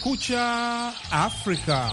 Kumekucha Afrika.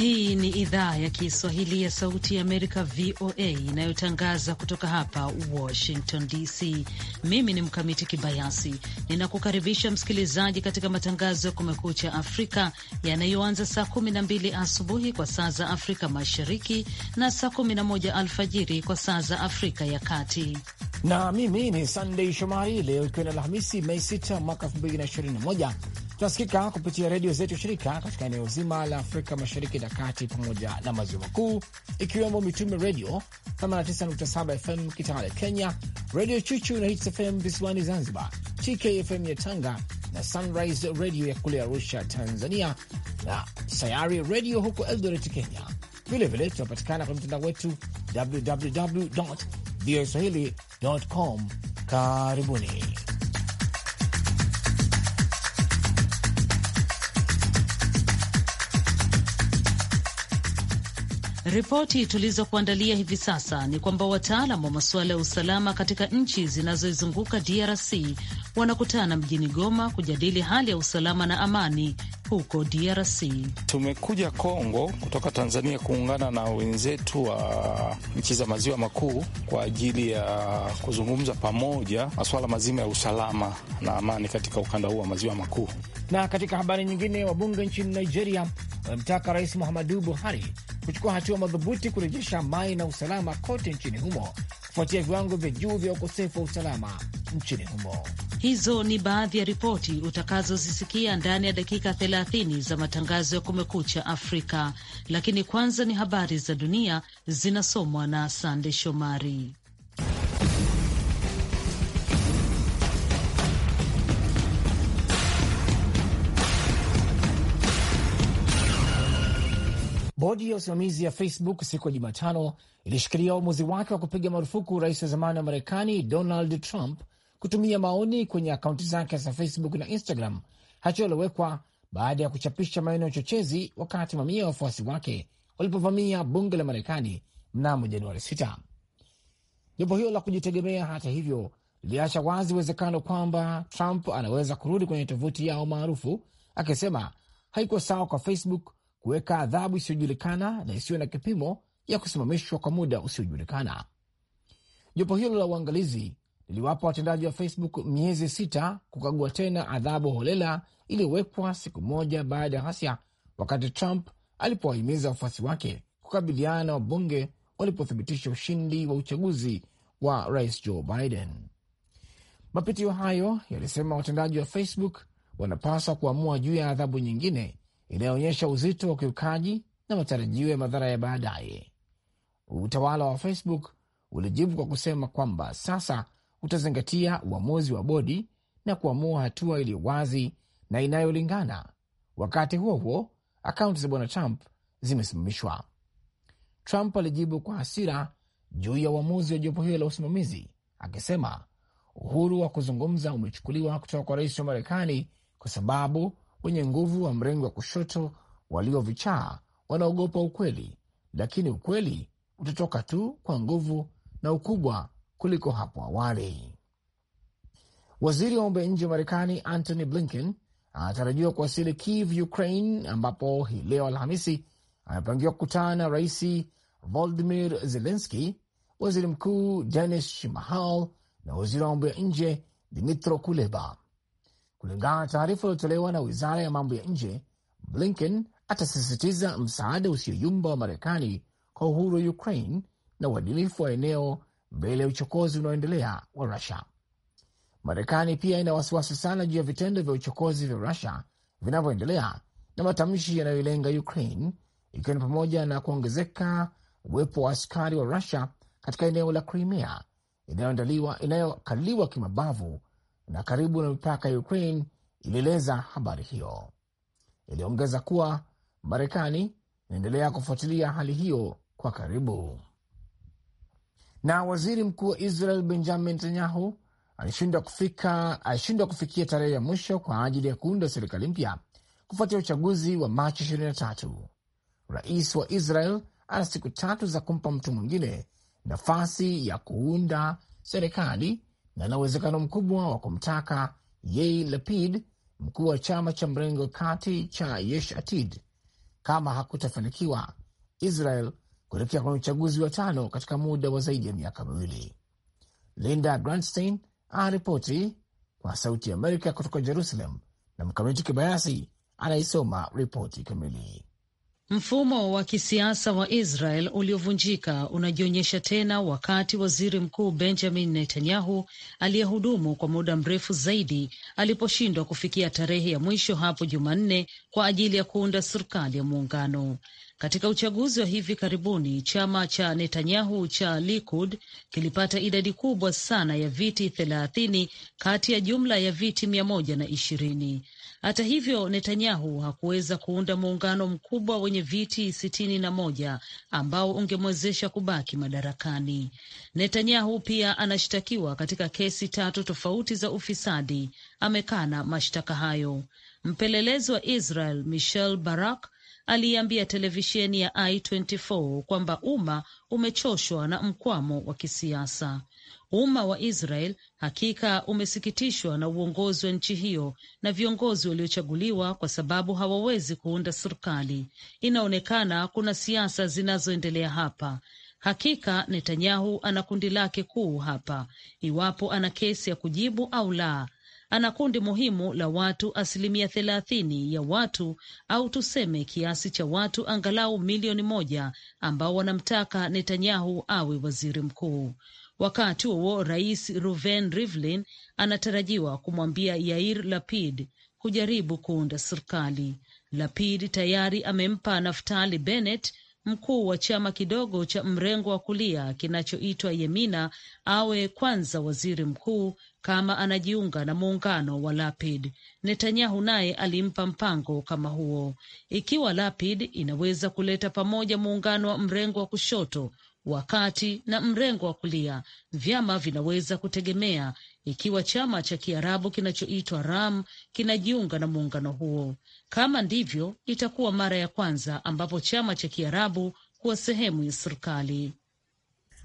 Hii ni idhaa ya Kiswahili ya Sauti ya Amerika, VOA, inayotangaza kutoka hapa Washington DC. Mimi ni Mkamiti Kibayasi, ninakukaribisha msikilizaji katika matangazo ya Kumekucha Afrika yanayoanza saa 12 asubuhi kwa saa za Afrika Mashariki na saa 11 alfajiri kwa saa za Afrika ya Kati. Na mimi ni Sandei Shomari. Leo ikiwa ni Alhamisi, Mei 6 mwaka 2021 tunasikika kupitia redio zetu shirika katika eneo zima la Afrika Mashariki na Kati pamoja na Maziwa Makuu, ikiwemo Mitume Redio 89.7 FM Kitale Kenya, Redio Chuchu na Hits FM visiwani Zanzibar, TKFM ya Tanga na Sunrise Redio ya kule Arusha, Tanzania, na Sayari Redio huko Eldoret, Kenya. Vilevile tunapatikana kwenye mtandao wetu www voa swahili com. Karibuni. Ripoti tulizokuandalia hivi sasa ni kwamba wataalam wa masuala ya usalama katika nchi zinazoizunguka DRC wanakutana mjini Goma kujadili hali ya usalama na amani huko DRC. Tumekuja Kongo kutoka Tanzania kuungana na wenzetu wa nchi za maziwa makuu kwa ajili ya kuzungumza pamoja masuala mazima ya usalama na amani katika ukanda huu wa maziwa makuu. Na katika habari nyingine, wabunge nchini Nigeria wamemtaka Rais Muhammadu Buhari kuchukua hatua madhubuti kurejesha amani na usalama kote nchini humo kufuatia viwango vya juu vya ukosefu wa usalama nchini humo. Hizo ni baadhi ya ripoti utakazozisikia ndani ya dakika 30 za matangazo ya Kumekucha Afrika, lakini kwanza ni habari za dunia zinasomwa na Sande Shomari. Bodi ya usimamizi ya Facebook siku ya Jumatano ilishikilia uamuzi wake wa kupiga marufuku rais wa zamani wa Marekani Donald Trump kutumia maoni kwenye akaunti zake za Facebook na Instagram, hatua iliyowekwa baada ya kuchapisha maneno ya uchochezi wakati mamia ya wafuasi wake walipovamia bunge la Marekani mnamo Januari 6. Jopo hilo la kujitegemea, hata hivyo, liliacha wazi uwezekano kwamba Trump anaweza kurudi kwenye tovuti yao maarufu, akisema haikuwa sawa kwa Facebook kuweka adhabu isiyojulikana na isiyo na kipimo ya kusimamishwa kwa muda usiojulikana. Jopo hilo la uangalizi liliwapa watendaji wa Facebook miezi sita kukagua tena adhabu holela iliyowekwa siku moja baada ya ghasia, wakati Trump alipowahimiza wafuasi wake kukabiliana na wabunge walipothibitisha ushindi wa uchaguzi wa rais Joe Biden. Mapitio hayo yalisema watendaji wa Facebook wanapaswa kuamua juu ya adhabu nyingine inayoonyesha uzito wa ukiukaji na matarajio ya madhara ya baadaye. Utawala wa Facebook ulijibu kwa kusema kwamba sasa utazingatia uamuzi wa bodi na kuamua hatua iliyo wazi na inayolingana. Wakati huo huo, akaunti za bwana Trump zimesimamishwa. Trump alijibu kwa hasira juu ya uamuzi wa jopo hilo la usimamizi akisema uhuru wa kuzungumza umechukuliwa kutoka kwa rais wa Marekani kwa sababu wenye nguvu wa mrengo wa kushoto waliovichaa wanaogopa ukweli, lakini ukweli utatoka tu kwa nguvu na ukubwa kuliko hapo awali. Waziri wa mambo ya nje wa Marekani Antony Blinken anatarajiwa kuwasili Kiev, Ukraine, ambapo hii leo Alhamisi amepangiwa kukutana na Rais Volodimir Zelenski, waziri mkuu Denis Shimahal na waziri wa mambo ya nje Dmitro Kuleba. Kulingana na taarifa iliyotolewa na wizara ya mambo ya nje, Blinken atasisitiza msaada usioyumba wa Marekani kwa uhuru wa Ukraine na uadilifu wa eneo mbele ya uchokozi unaoendelea wa Rusia. Marekani pia ina wasiwasi sana juu ya vitendo vya uchokozi vya Rusia vinavyoendelea na matamshi yanayoilenga Ukraine, ikiwa ni pamoja na kuongezeka uwepo wa askari wa Rusia katika eneo la Crimea inayokaliwa kimabavu na karibu na mipaka ya Ukraine, ilieleza habari hiyo. Iliongeza kuwa Marekani inaendelea kufuatilia hali hiyo kwa karibu na waziri mkuu wa Israel Benjamin Netanyahu alishindwa kufika alishindwa kufikia tarehe ya mwisho kwa ajili ya kuunda serikali mpya kufuatia uchaguzi wa Machi 23. Rais wa Israel ana siku tatu za kumpa mtu mwingine nafasi ya kuunda serikali na na uwezekano mkubwa wa kumtaka Yair Lapid, mkuu wa chama cha mrengo kati cha Yesh Atid. Kama hakutafanikiwa, Israel kuelekea kwenye uchaguzi wa tano katika muda wa zaidi ya miaka miwili. Linda Grantstein anaripoti kwa Sauti ya Amerika kutoka Jerusalem na Mkamiti Kibayasi anaisoma ripoti kamili. Mfumo wa kisiasa wa Israel uliovunjika unajionyesha tena wakati waziri mkuu Benjamin Netanyahu aliyehudumu kwa muda mrefu zaidi aliposhindwa kufikia tarehe ya mwisho hapo Jumanne kwa ajili ya kuunda serikali ya muungano. Katika uchaguzi wa hivi karibuni, chama cha Netanyahu cha Likud kilipata idadi kubwa sana ya viti thelathini kati ya jumla ya viti mia moja na ishirini. Hata hivyo, Netanyahu hakuweza kuunda muungano mkubwa wenye viti sitini na moja ambao ungemwezesha kubaki madarakani. Netanyahu pia anashtakiwa katika kesi tatu tofauti za ufisadi. Amekana mashtaka hayo. Mpelelezi wa Israel Michel Barak aliiambia televisheni ya i24 kwamba umma umechoshwa na mkwamo wa kisiasa. Umma wa Israel hakika umesikitishwa na uongozi wa nchi hiyo na viongozi waliochaguliwa, kwa sababu hawawezi kuunda serikali. Inaonekana kuna siasa zinazoendelea hapa. Hakika Netanyahu ana kundi lake kuu hapa, iwapo ana kesi ya kujibu au la ana kundi muhimu la watu asilimia thelathini ya watu au tuseme kiasi cha watu angalau milioni moja ambao wanamtaka Netanyahu awe waziri mkuu. Wakati huo rais Ruven Rivlin anatarajiwa kumwambia Yair Lapid kujaribu kuunda serikali. Lapid tayari amempa Naftali Bennett mkuu wa chama kidogo cha mrengo wa kulia kinachoitwa Yemina awe kwanza waziri mkuu kama anajiunga na muungano wa Lapid. Netanyahu naye alimpa mpango kama huo. Ikiwa Lapid inaweza kuleta pamoja muungano wa mrengo wa kushoto wa kati na mrengo wa kulia, vyama vinaweza kutegemea ikiwa chama cha Kiarabu kinachoitwa Ram kinajiunga na muungano huo. Kama ndivyo, itakuwa mara ya kwanza ambapo chama cha Kiarabu kuwa sehemu ya serikali.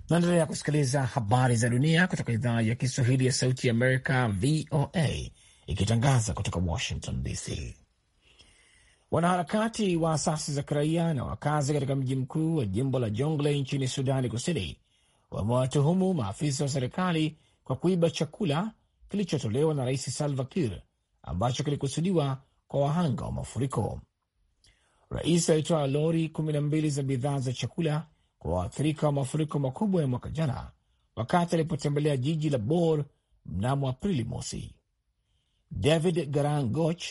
Naendelea kusikiliza habari za dunia kutoka idhaa ya Kiswahili ya Sauti ya Amerika, VOA, ikitangaza kutoka Washington DC. Wanaharakati wa asasi za kiraia na wakazi katika mji mkuu wa jimbo la Jonglei nchini Sudani Kusini wamewatuhumu maafisa wa serikali kwa kuiba chakula kilichotolewa na Rais Salva Kiir ambacho kilikusudiwa kwa wahanga wa mafuriko. Rais alitoa lori kumi na mbili za bidhaa za chakula kwa waathirika wa mafuriko makubwa ya mwaka jana wakati alipotembelea jiji la Bor mnamo Aprili mosi. David Garangoch,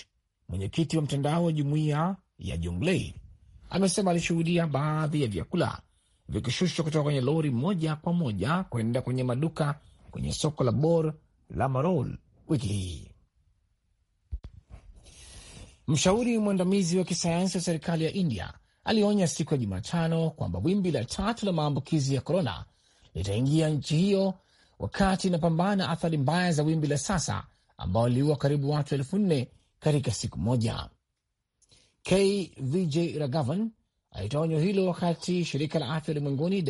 mwenyekiti wa mtandao wa jumuiya ya Jonglei, amesema alishuhudia baadhi ya vyakula vikishushwa kutoka kwenye lori moja kwa moja kwenda kwenye maduka kwenye soko la Bor la Marol wiki hii. Mshauri mwandamizi wa kisayansi wa serikali ya India alionya siku ya Jumatano kwamba wimbi la tatu la maambukizi ya korona litaingia nchi hiyo wakati inapambana athari mbaya za wimbi la sasa ambao liliua karibu watu elfu nne katika siku moja. KVJ Ragavan alitoa onyo hilo wakati shirika la afya ulimwenguni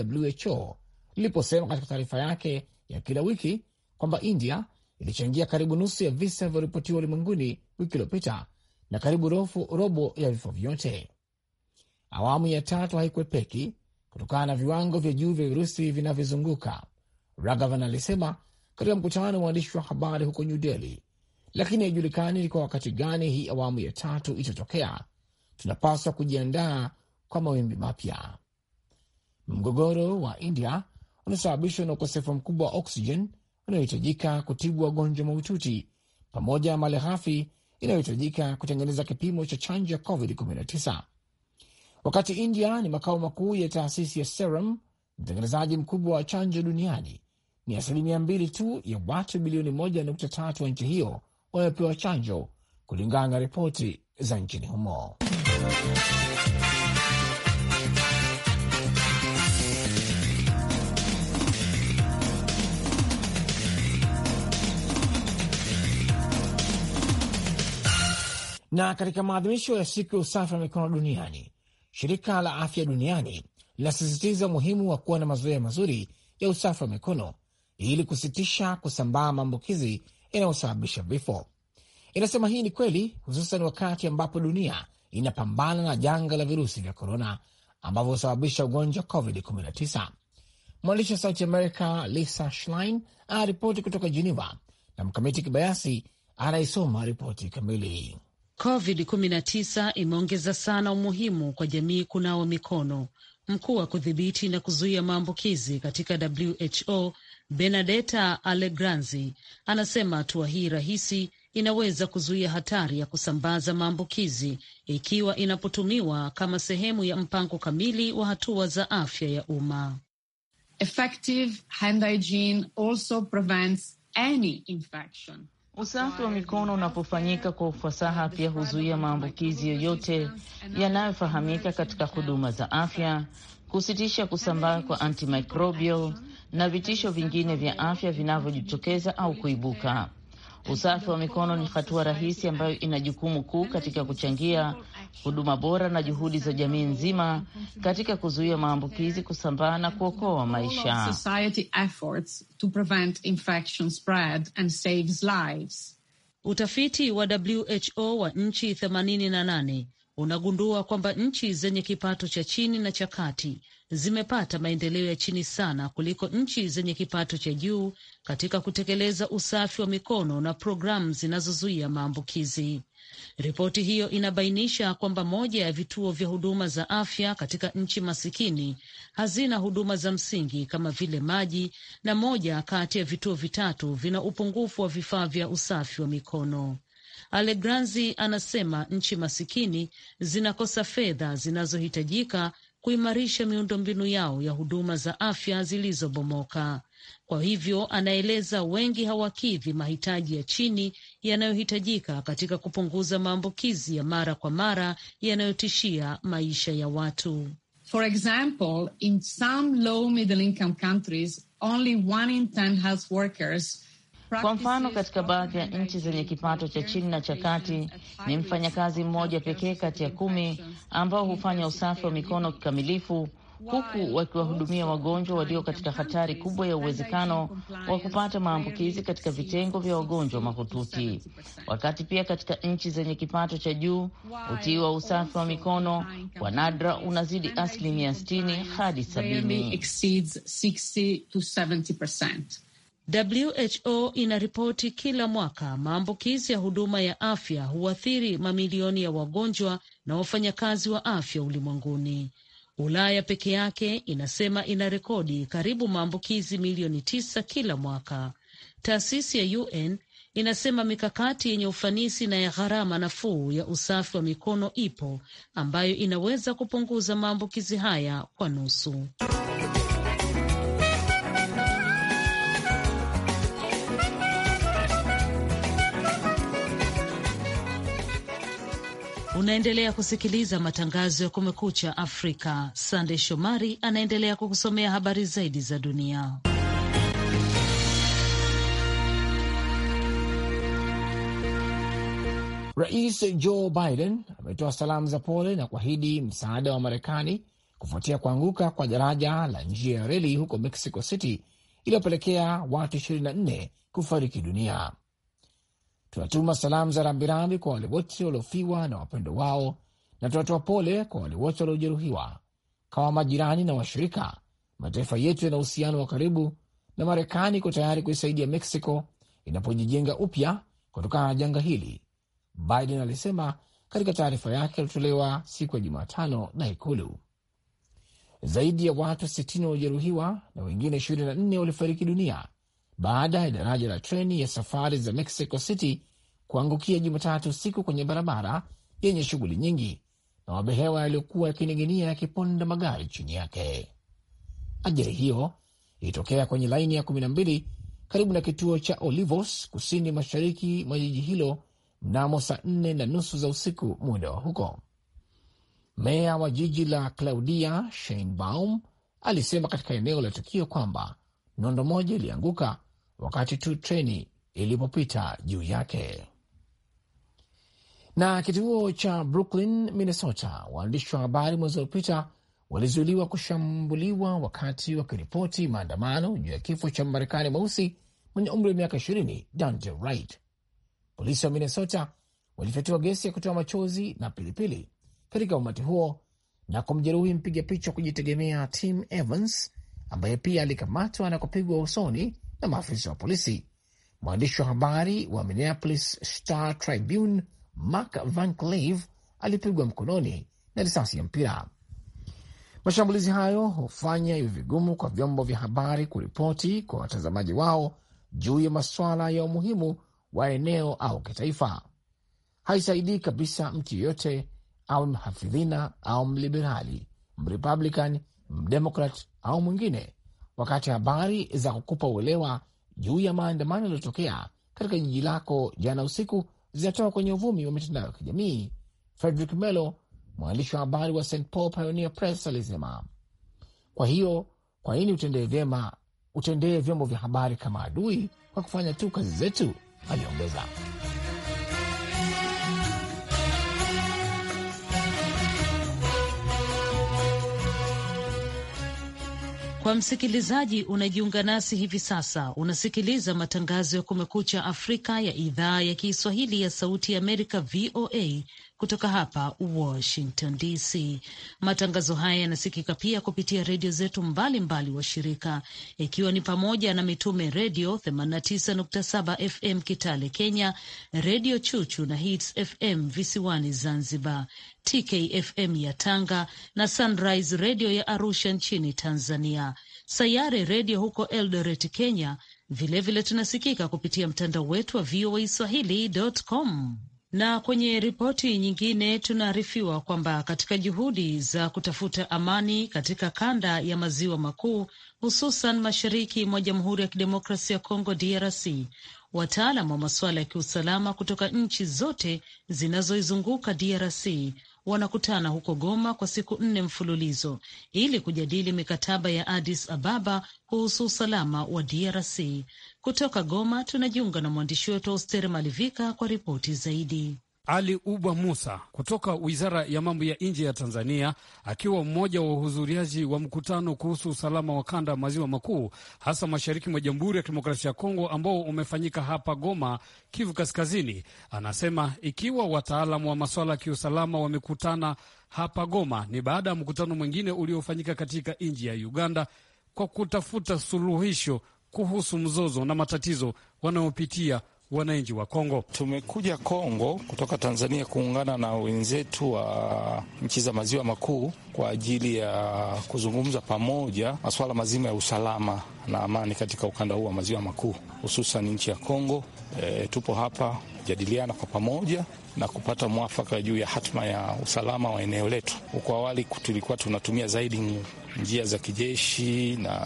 WHO liliposema katika taarifa yake ya kila wiki kwamba India ilichangia karibu nusu ya visa vilivyoripotiwa ulimwenguni wiki iliyopita na karibu robo ya vifo vyote. Awamu ya tatu haikwepeki kutokana na viwango vya juu vya virusi vinavyozunguka, Raghavan alisema katika mkutano wa waandishi wa habari huko New Delhi, lakini haijulikani ni kwa wakati gani hii awamu ya tatu itatokea. Tunapaswa kujiandaa kwa mawimbi mapya. Mgogoro wa India unasababishwa na ukosefu mkubwa wa oksijen unayohitajika kutibu wagonjwa mahututi pamoja na hafi inayohitajika kutengeneza kipimo cha chanjo ya COVID-19 wakati India ni makao makuu ya taasisi ya Serum, mtengenezaji mkubwa wa chanjo duniani. Ni asilimia mbili tu ya watu bilioni moja nukta tatu wa nchi hiyo wamepewa chanjo kulingana na ripoti za nchini humo. Na katika maadhimisho ya siku ya usafi wa mikono duniani Shirika la Afya Duniani linasisitiza umuhimu wa kuwa na mazoea mazuri ya usafi wa mikono ili kusitisha kusambaa maambukizi yanayosababisha vifo. Inasema hii ni kweli hususan wakati ambapo dunia inapambana na janga la virusi vya korona ambavyo husababisha ugonjwa COVID-19. Mwandishi wa Sauti america Lisa Schlein anaripoti kutoka Geneva na Mkamiti Kibayasi anaisoma ripoti kamili. COVID-19 imeongeza sana umuhimu kwa jamii kunawa mikono. Mkuu wa kudhibiti na kuzuia maambukizi katika WHO Benedetta alegranzi anasema hatua hii rahisi inaweza kuzuia hatari ya kusambaza maambukizi ikiwa inapotumiwa kama sehemu ya mpango kamili wa hatua za afya ya umma. Effective hand hygiene also prevents any infection. Usafi wa mikono unapofanyika kwa ufasaha pia huzuia maambukizi yoyote yanayofahamika katika huduma za afya, kusitisha kusambaa kwa antimicrobial na vitisho vingine vya afya vinavyojitokeza au kuibuka. Usafi wa mikono ni hatua rahisi ambayo ina jukumu kuu katika kuchangia huduma bora na juhudi za jamii nzima katika kuzuia maambukizi kusambaa na kuokoa maisha. Utafiti wa WHO wa nchi 88 unagundua kwamba nchi zenye kipato cha chini na cha kati zimepata maendeleo ya chini sana kuliko nchi zenye kipato cha juu katika kutekeleza usafi wa mikono na programu zinazozuia maambukizi. Ripoti hiyo inabainisha kwamba moja ya vituo vya huduma za afya katika nchi masikini hazina huduma za msingi kama vile maji na moja kati ya vituo vitatu vina upungufu wa vifaa vya usafi wa mikono. Alegranzi anasema nchi masikini zinakosa fedha zinazohitajika kuimarisha miundombinu yao ya huduma za afya zilizobomoka. Kwa hivyo, anaeleza wengi hawakidhi mahitaji ya chini yanayohitajika katika kupunguza maambukizi ya mara kwa mara yanayotishia maisha ya watu. For example, in some low middle income countries, only one in ten health workers kwa mfano, katika baadhi ya nchi zenye kipato cha chini na cha kati ni mfanyakazi mmoja pekee kati ya kumi ambao hufanya usafi wa mikono kikamilifu huku wakiwahudumia wagonjwa walio katika hatari kubwa ya uwezekano wa kupata maambukizi katika vitengo vya wagonjwa mahututi. Wakati pia katika nchi zenye kipato cha juu utii wa usafi wa mikono kwa nadra unazidi asilimia 60 hadi 70. WHO inaripoti kila mwaka maambukizi ya huduma ya afya huathiri mamilioni ya wagonjwa na wafanyakazi wa afya ulimwenguni. Ulaya peke yake inasema ina rekodi karibu maambukizi milioni tisa kila mwaka. Taasisi ya UN inasema mikakati yenye ufanisi na ya gharama nafuu ya usafi wa mikono ipo ambayo inaweza kupunguza maambukizi haya kwa nusu. Unaendelea kusikiliza matangazo ya Kumekucha Afrika. Sande Shomari anaendelea kukusomea habari zaidi za dunia. Rais Joe Biden ametoa salamu za pole na kuahidi msaada wa Marekani kufuatia kuanguka kwa daraja la njia ya reli huko Mexico City iliyopelekea watu 24 kufariki dunia. Tunatuma salamu za rambirambi kwa wale wote waliofiwa na wapendo wao, na tunatoa pole kwa wale wote waliojeruhiwa. Kama majirani na washirika, mataifa yetu yana uhusiano wa karibu, na Marekani iko tayari kuisaidia Meksiko inapojijenga upya kutokana na janga hili, Biden alisema katika taarifa yake iliyotolewa siku ya Jumatano na Ikulu. Zaidi ya watu 60 waliojeruhiwa na wengine 24 walifariki dunia baada ya daraja la treni ya safari za Mexico City kuangukia Jumatatu usiku kwenye barabara yenye shughuli nyingi na mabehewa yaliyokuwa yakining'inia yakiponda magari chini yake. Ajali hiyo ilitokea kwenye laini ya 12 karibu na kituo cha Olivos, kusini mashariki mwa jiji hilo mnamo saa nne na nusu za usiku muda wa huko. Meya wa jiji la Claudia Sheinbaum alisema katika eneo la tukio kwamba nondo moja ilianguka wakati tu treni ilipopita juu yake. Na kituo cha Brooklyn, Minnesota, waandishi wa habari mwezi uliopita walizuiliwa kushambuliwa wakati wakiripoti maandamano juu ya kifo cha Marekani mweusi mwenye umri wa miaka ishirini Dante Wright. Polisi wa Minnesota walifyatua gesi ya kutoa machozi na pilipili katika umati huo na kumjeruhi mpiga picha wa kujitegemea Tim Evans ambaye pia alikamatwa na kupigwa usoni na maafisa wa polisi. Mwandishi wa habari wa Minneapolis Star Tribune Mark Van Cleve alipigwa mkononi na risasi ya mpira. Mashambulizi hayo hufanya iwe vigumu kwa vyombo vya habari kuripoti kwa watazamaji wao juu ya masuala ya umuhimu wa eneo au kitaifa. Haisaidii kabisa mtu yeyote, awe mhafidhina au mliberali, mrepublican, mdemokrat au mwingine wakati habari za kukupa uelewa juu ya maandamano yaliyotokea katika jiji lako jana usiku zinatoka kwenye uvumi wa mitandao ya kijamii. Frederick Melo, mwandishi wa habari wa St Paul Pioneer Press, alisema, kwa hiyo kwa nini utendee vyema utendee vyombo vya habari kama adui kwa kufanya tu kazi zetu? Aliongeza. Kwa msikilizaji unajiunga nasi hivi sasa, unasikiliza matangazo ya Kumekucha Afrika ya idhaa ya Kiswahili ya Sauti ya Amerika, VOA kutoka hapa Washington DC. Matangazo haya yanasikika pia kupitia redio zetu mbalimbali wa shirika ikiwa ni pamoja na Mitume Redio 89.7 FM Kitale Kenya, Redio Chuchu na Hits FM visiwani Zanzibar, TKFM ya Tanga na Sunrise Redio ya Arusha nchini Tanzania, Sayare Redio huko Eldoret Kenya. Vilevile vile tunasikika kupitia mtandao wetu wa VOA swahili.com. Na kwenye ripoti nyingine tunaarifiwa kwamba katika juhudi za kutafuta amani katika kanda ya maziwa makuu, hususan mashariki mwa Jamhuri ya Kidemokrasia ya Kongo DRC, wataalam wa masuala ya kiusalama kutoka nchi zote zinazoizunguka DRC wanakutana huko Goma kwa siku nne mfululizo ili kujadili mikataba ya Addis Ababa kuhusu usalama wa DRC. Kutoka Goma tunajiunga na mwandishi wetu Auster Malivika kwa ripoti zaidi. Ali Ubwa Musa kutoka Wizara ya Mambo ya Nje ya Tanzania akiwa mmoja wa wahudhuriaji wa mkutano kuhusu usalama wa kanda ya maziwa makuu hasa mashariki mwa Jamhuri ya Kidemokrasia ya Kongo ambao umefanyika hapa Goma, Kivu Kaskazini, anasema ikiwa wataalamu wa masuala ya kiusalama wamekutana hapa Goma ni baada ya mkutano mwingine uliofanyika katika nchi ya Uganda kwa kutafuta suluhisho kuhusu mzozo na matatizo wanayopitia wananchi wa Kongo. Tumekuja Kongo kutoka Tanzania kuungana na wenzetu wa nchi za maziwa makuu kwa ajili ya kuzungumza pamoja masuala mazima ya usalama na amani katika ukanda huu wa maziwa makuu, hususan nchi ya Kongo. E, tupo hapa kujadiliana kwa pamoja na kupata mwafaka juu ya hatima ya usalama wa eneo letu. Huko awali tulikuwa tunatumia zaidi njia za kijeshi na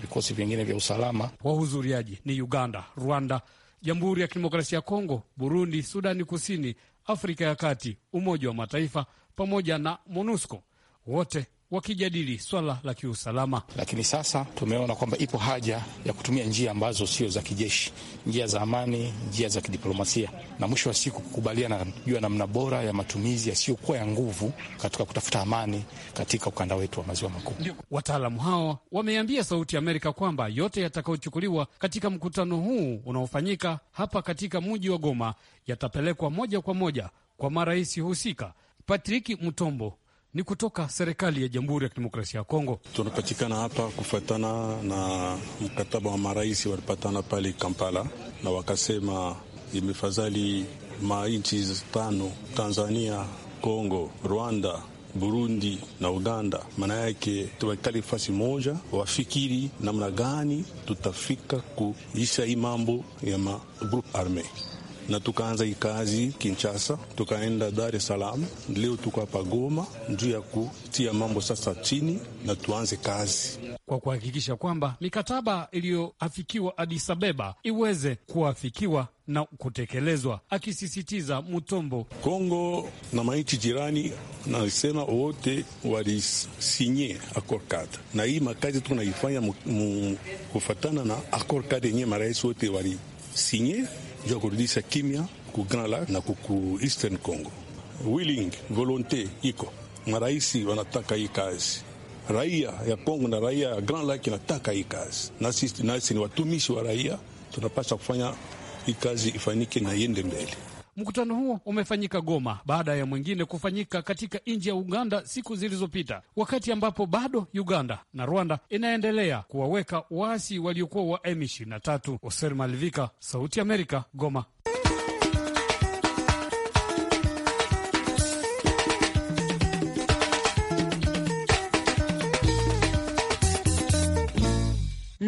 vikosi vingine vya usalama. Wahudhuriaji ni Uganda, Rwanda, Jamhuri ya Kidemokrasia ya Kongo, Burundi, Sudani Kusini, Afrika ya Kati, Umoja wa Mataifa pamoja na MONUSCO wote wakijadili swala la kiusalama, lakini sasa tumeona kwamba ipo haja ya kutumia njia ambazo sio za kijeshi, njia za amani, njia za kidiplomasia, na mwisho wa siku kukubaliana juu ya namna bora ya matumizi yasiyokuwa ya nguvu katika kutafuta amani katika ukanda wetu wa maziwa makuu. Wataalamu hao wameambia Sauti ya Amerika kwamba yote yatakayochukuliwa katika mkutano huu unaofanyika hapa katika mji wa Goma yatapelekwa moja kwa moja kwa marais husika. patrik Mutombo ni kutoka serikali ya Jamhuri ya Kidemokrasia ya Kongo. Tunapatikana hapa kufuatana na mkataba wa marais walipatana pale Kampala, na wakasema imefadhali manchi tano Tanzania, Kongo, Rwanda, Burundi na Uganda, maana yake tuwekali fasi moja, wafikiri namna gani tutafika kuisha hii mambo ya magrup arme na tukaanza kazi Kinshasa, tukaenda Dar es Salaam, leo tuko hapa Goma juu ya kutia mambo sasa chini na tuanze kazi kwa kuhakikisha kwamba mikataba iliyoafikiwa Addis Abeba iweze kuafikiwa na kutekelezwa, akisisitiza Mutombo. Kongo na maichi jirani nasema wote walisinye accord card, na hii makazi tunaifanya kufatana na accord card yenyewe marais wote walisinye ya kurudisha kimya ku Grand Lac na kuku Eastern Congo. Willing volonte iko, maraisi wanataka hii kazi, raia ya congo na raia ya Grand Lac inataka hii kazi, na sisi nasi ni watumishi wa raia, tunapaswa kufanya hii kazi ifanyike na iende mbele. Mkutano huo umefanyika Goma baada ya mwingine kufanyika katika nchi ya Uganda siku zilizopita, wakati ambapo bado Uganda na Rwanda inaendelea kuwaweka waasi waliokuwa wa M23. Oser Malivika, Sauti Amerika, Goma.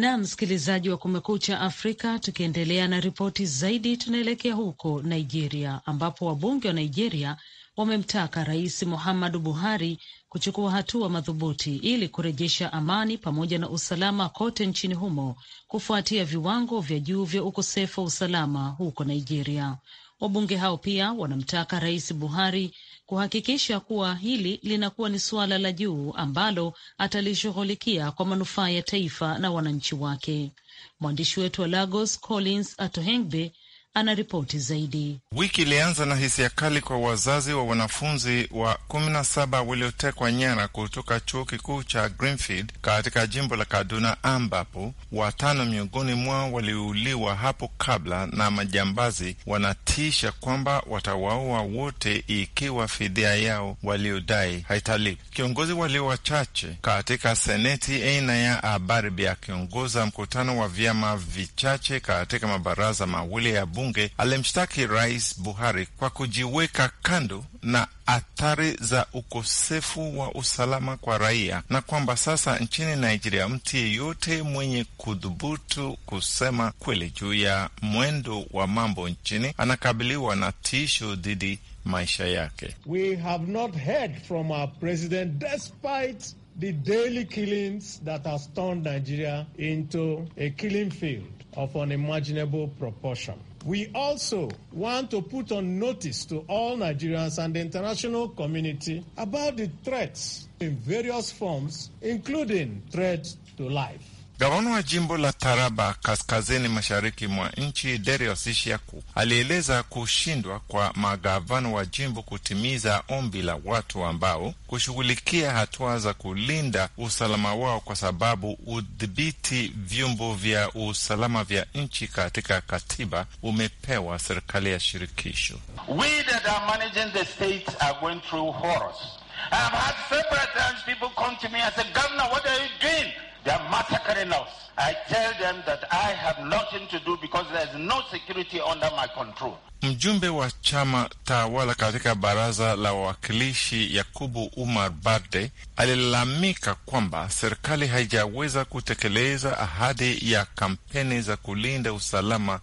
na msikilizaji wa Kumekucha Afrika, tukiendelea na ripoti zaidi, tunaelekea huko Nigeria ambapo wabunge wa Nigeria wamemtaka Rais Muhammadu Buhari kuchukua hatua madhubuti ili kurejesha amani pamoja na usalama kote nchini humo kufuatia viwango vya juu vya ukosefu wa usalama huko Nigeria. Wabunge hao pia wanamtaka Rais Buhari kuhakikisha kuwa hili linakuwa ni suala la juu ambalo atalishughulikia kwa manufaa ya taifa na wananchi wake. Mwandishi wetu wa Lagos Collins Atohengbe ripoti zaidi. Wiki ilianza na hisia kali kwa wazazi wa wanafunzi wa kumi na saba waliotekwa nyara kutoka chuo kikuu cha Greenfield katika jimbo la Kaduna, ambapo watano miongoni mwao waliuliwa hapo kabla, na majambazi wanatisha kwamba watawaua wote ikiwa fidia yao waliodai haitalipa. Kiongozi walio wachache katika seneti aina ya abarbi akiongoza mkutano wa vyama vichache katika mabaraza mawili ya bunge alimshtaki Rais Buhari kwa kujiweka kando na athari za ukosefu wa usalama kwa raia, na kwamba sasa nchini Nigeria mtu yeyote mwenye kudhubutu kusema kweli juu ya mwendo wa mambo nchini anakabiliwa na tisho dhidi maisha yake. We have not heard from our president despite the daily killings that has turned Nigeria into a killing field of unimaginable proportion. We also want to put on notice to all Nigerians and the international community about the threats in various forms, including threats to life. Gavana wa jimbo la Taraba kaskazini mashariki mwa nchi darios ishiaku alieleza kushindwa kwa magavana wa jimbo kutimiza ombi la watu ambao kushughulikia hatua za kulinda usalama wao kwa sababu udhibiti vyombo vya usalama vya nchi katika katiba umepewa serikali ya shirikisho. We that are managing the state are going through horrors. I have had several times people come to me and say, Governor, what are you doing? They are massacring us. I tell them that I have nothing to do because there is no security under my control. Mjumbe wa chama tawala katika baraza la wawakilishi Yakubu Umar Barde alilalamika kwamba serikali haijaweza kutekeleza ahadi ya kampeni za kulinda usalama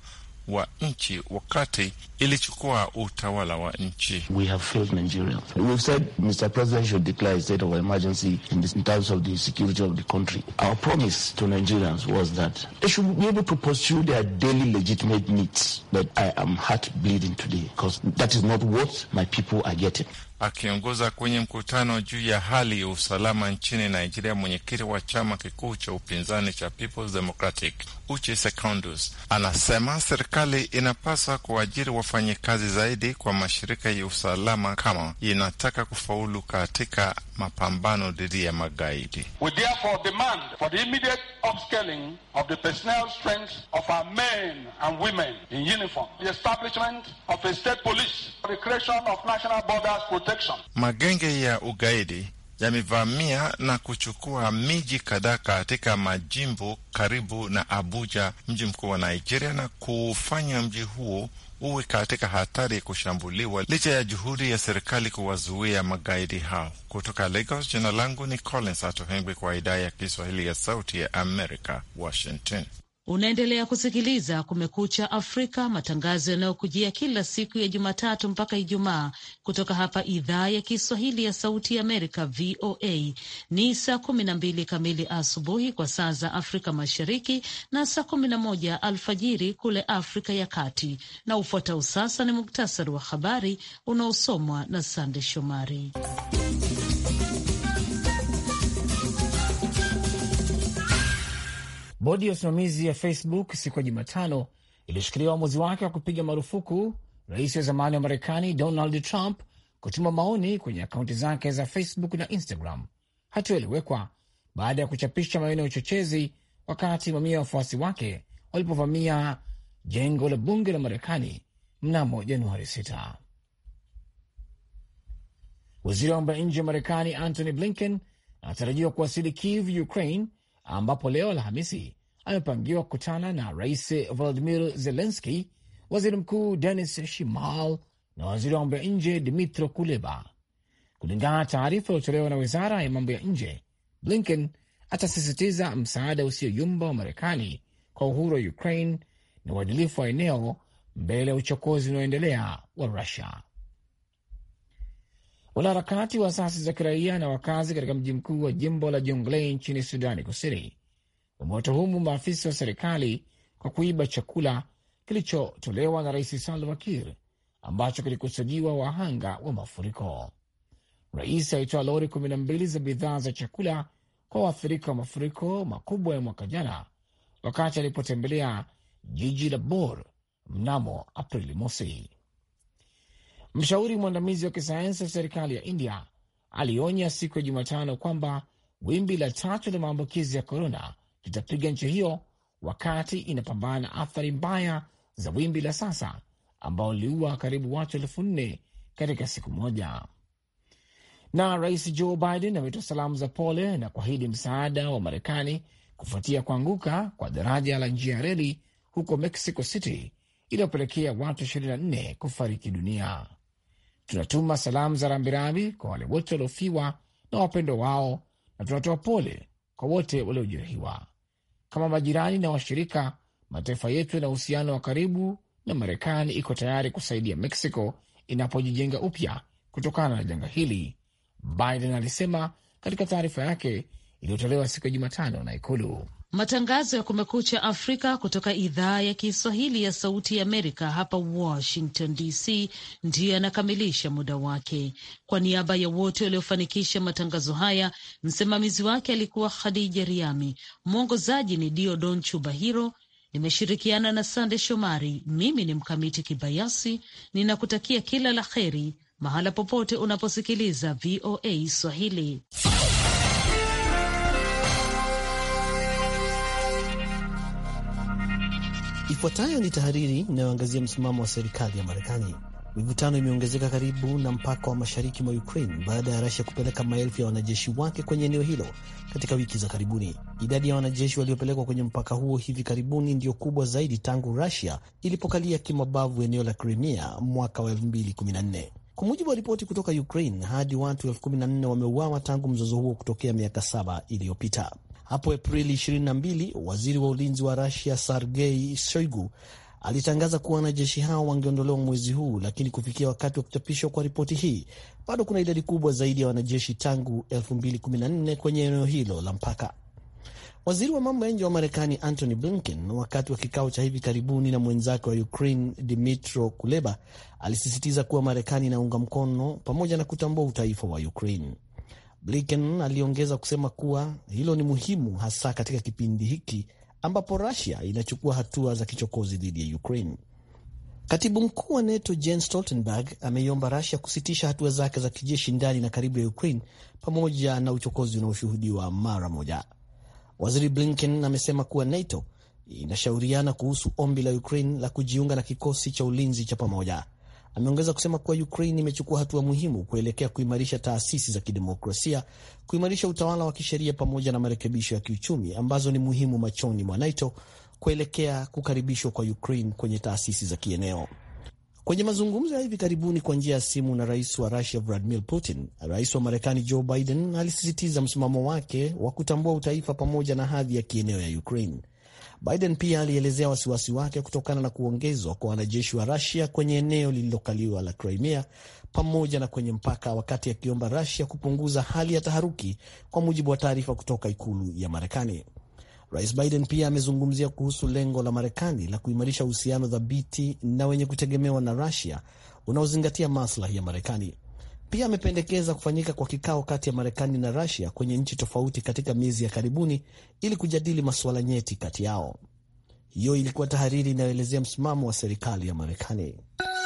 wa nchi wakati ilichukua utawala wa nchi. We have failed Nigeria. We've said Mr. President should declare a state of emergency in, this, in terms of the security of the country. Our promise to Nigerians was that they should be able to pursue their daily legitimate needs. But I am heart bleeding today because that is not what my people are getting. Akiongoza kwenye mkutano juu ya hali ya usalama nchini Nigeria, mwenyekiti wa chama kikuu cha upinzani cha Peoples Democratic Uche Secondus anasema serikali inapaswa kuajiri wa wafanye kazi zaidi kwa mashirika ya usalama kama inataka kufaulu katika mapambano dhidi ya magaidi. We therefore demand for the immediate of the personnel strength of our men and women in uniform, the establishment of a state police, the creation of national borders protection. Magenge ya ugaidi yamevamia na kuchukua miji kadhaa katika majimbo karibu na Abuja, mji mkuu wa Nigeria, na kufanya mji huo uwe katika hatari ya kushambuliwa licha ya juhudi ya serikali kuwazuia magaidi hao. Kutoka Lagos, jina langu ni Collins Atohengwi kwa idhaa ya Kiswahili ya Sauti ya Amerika, Washington. Unaendelea kusikiliza Kumekucha Afrika, matangazo yanayokujia kila siku ya Jumatatu mpaka Ijumaa kutoka hapa idhaa ya Kiswahili ya Sauti ya Amerika, VOA. Ni saa kumi na mbili kamili asubuhi kwa saa za Afrika Mashariki na saa kumi na moja alfajiri kule Afrika ya Kati. Na ufuatao sasa ni muktasari wa habari unaosomwa na Sande Shomari. Bodi ya usimamizi ya Facebook siku ya Jumatano ilishikilia uamuzi wake wa kupiga marufuku rais wa zamani wa Marekani Donald Trump kutuma maoni kwenye akaunti zake za Facebook na Instagram. Hatua iliwekwa baada ya kuchapisha maneno ya uchochezi wakati mamia ya wafuasi wake walipovamia jengo la bunge la Marekani mnamo Januari 6. Waziri wa mambo ya nje wa Marekani Antony Blinken anatarajiwa kuwasili Kiev, Ukraine, ambapo leo Alhamisi amepangiwa kukutana na Rais Volodimir Zelenski, Waziri Mkuu Denis Shimal na waziri wa mambo ya nje Dmitro Kuleba. Kulingana na taarifa iliyotolewa na wizara ya mambo ya nje, Blinken atasisitiza msaada usioyumba wa Marekani kwa uhuru wa Ukraine na uadilifu wa eneo mbele ya uchokozi unaoendelea wa Rusia. Wanaharakati wa asasi za kiraia na wakazi katika mji mkuu wa jimbo la Jonglei nchini Sudani Kusini wamewatuhumu maafisa wa serikali kwa kuiba chakula kilichotolewa na Rais Salva Kiir ambacho kilikusudiwa wahanga wa mafuriko. Rais alitoa lori kumi na mbili za bidhaa za chakula kwa waathirika wa mafuriko makubwa ya mwaka jana wakati alipotembelea jiji la Bor mnamo Aprili mosi. Mshauri mwandamizi wa kisayansi wa serikali ya India alionya siku ya Jumatano kwamba wimbi la tatu la maambukizi ya korona litapiga nchi hiyo wakati inapambana na athari mbaya za wimbi la sasa ambao liliua karibu watu elfu nne katika siku moja. Na rais Joe Biden ametoa salamu za pole na kuahidi msaada wa Marekani kufuatia kuanguka kwa daraja la njia ya reli huko Mexico City iliyopelekea watu 24 kufariki dunia. Tunatuma salamu za rambirambi kwa wale wote waliofiwa na wapendwa wao, na tunatoa pole kwa wote waliojeruhiwa. Kama majirani na washirika, mataifa yetu yana uhusiano wa karibu na Marekani iko tayari kusaidia Mexico inapojijenga upya kutokana na janga hili, Biden alisema katika taarifa yake iliyotolewa siku ya Jumatano na Ikulu. Matangazo ya Kumekucha Afrika kutoka idhaa ya Kiswahili ya Sauti ya Amerika hapa Washington DC ndiyo yanakamilisha muda wake. Kwa niaba ya wote waliofanikisha matangazo haya, msimamizi wake alikuwa Khadija Riami, mwongozaji ni Diodon Chubahiro. Nimeshirikiana na Sande Shomari. Mimi ni Mkamiti Kibayasi, ninakutakia kila la heri mahala popote unaposikiliza VOA Swahili. Ifuatayo ni tahariri inayoangazia msimamo wa serikali ya Marekani. Mivutano imeongezeka karibu na mpaka wa mashariki mwa Ukraine baada ya Rasia kupeleka maelfu ya wanajeshi wake kwenye eneo hilo katika wiki za karibuni. Idadi ya wanajeshi waliopelekwa kwenye mpaka huo hivi karibuni ndiyo kubwa zaidi tangu Rasia ilipokalia kimabavu eneo la Crimea mwaka wa 2014. Kwa mujibu wa ripoti kutoka Ukraine, hadi watu 14 wameuawa tangu mzozo huo kutokea miaka saba iliyopita. Hapo Aprili 22 waziri wa ulinzi wa Rusia Sergei Shoigu alitangaza kuwa wanajeshi hao wangeondolewa mwezi huu, lakini kufikia wakati wa kuchapishwa kwa ripoti hii bado kuna idadi kubwa zaidi ya wanajeshi tangu 2014 kwenye eneo hilo la mpaka. Waziri wa mambo ya nje wa Marekani Antony Blinken, wakati wa kikao cha hivi karibuni na mwenzake wa Ukraine Dmytro Kuleba, alisisitiza kuwa Marekani inaunga mkono pamoja na kutambua utaifa wa Ukraine. Blinken aliongeza kusema kuwa hilo ni muhimu hasa katika kipindi hiki ambapo Russia inachukua hatua za kichokozi dhidi ya Ukraine. Katibu mkuu wa NATO Jens Stoltenberg ameiomba Russia kusitisha hatua zake za kijeshi ndani na karibu ya Ukraine pamoja na uchokozi unaoshuhudiwa mara moja. Waziri Blinken amesema kuwa NATO inashauriana kuhusu ombi la Ukraine la kujiunga na kikosi cha ulinzi cha pamoja. Ameongeza kusema kuwa Ukraine imechukua hatua muhimu kuelekea kuimarisha taasisi za kidemokrasia, kuimarisha utawala wa kisheria, pamoja na marekebisho ya kiuchumi ambazo ni muhimu machoni mwa NATO kuelekea kukaribishwa kwa Ukraine kwenye taasisi za kieneo. Kwenye mazungumzo ya hivi karibuni kwa njia ya simu na rais wa Rusia Vladimir Putin, rais wa Marekani Joe Biden alisisitiza msimamo wake wa kutambua utaifa pamoja na hadhi ya kieneo ya Ukraine. Biden pia alielezea wasiwasi wake kutokana na kuongezwa kwa wanajeshi wa Rusia kwenye eneo lililokaliwa la Crimea pamoja na kwenye mpaka, wakati akiomba Rusia kupunguza hali ya taharuki, kwa mujibu wa taarifa kutoka ikulu ya Marekani. Rais Biden pia amezungumzia kuhusu lengo la Marekani la kuimarisha uhusiano thabiti na wenye kutegemewa na Rusia unaozingatia maslahi ya Marekani. Pia amependekeza kufanyika kwa kikao kati ya Marekani na Rusia kwenye nchi tofauti katika miezi ya karibuni ili kujadili masuala nyeti kati yao. Hiyo ilikuwa tahariri inayoelezea msimamo wa serikali ya Marekani.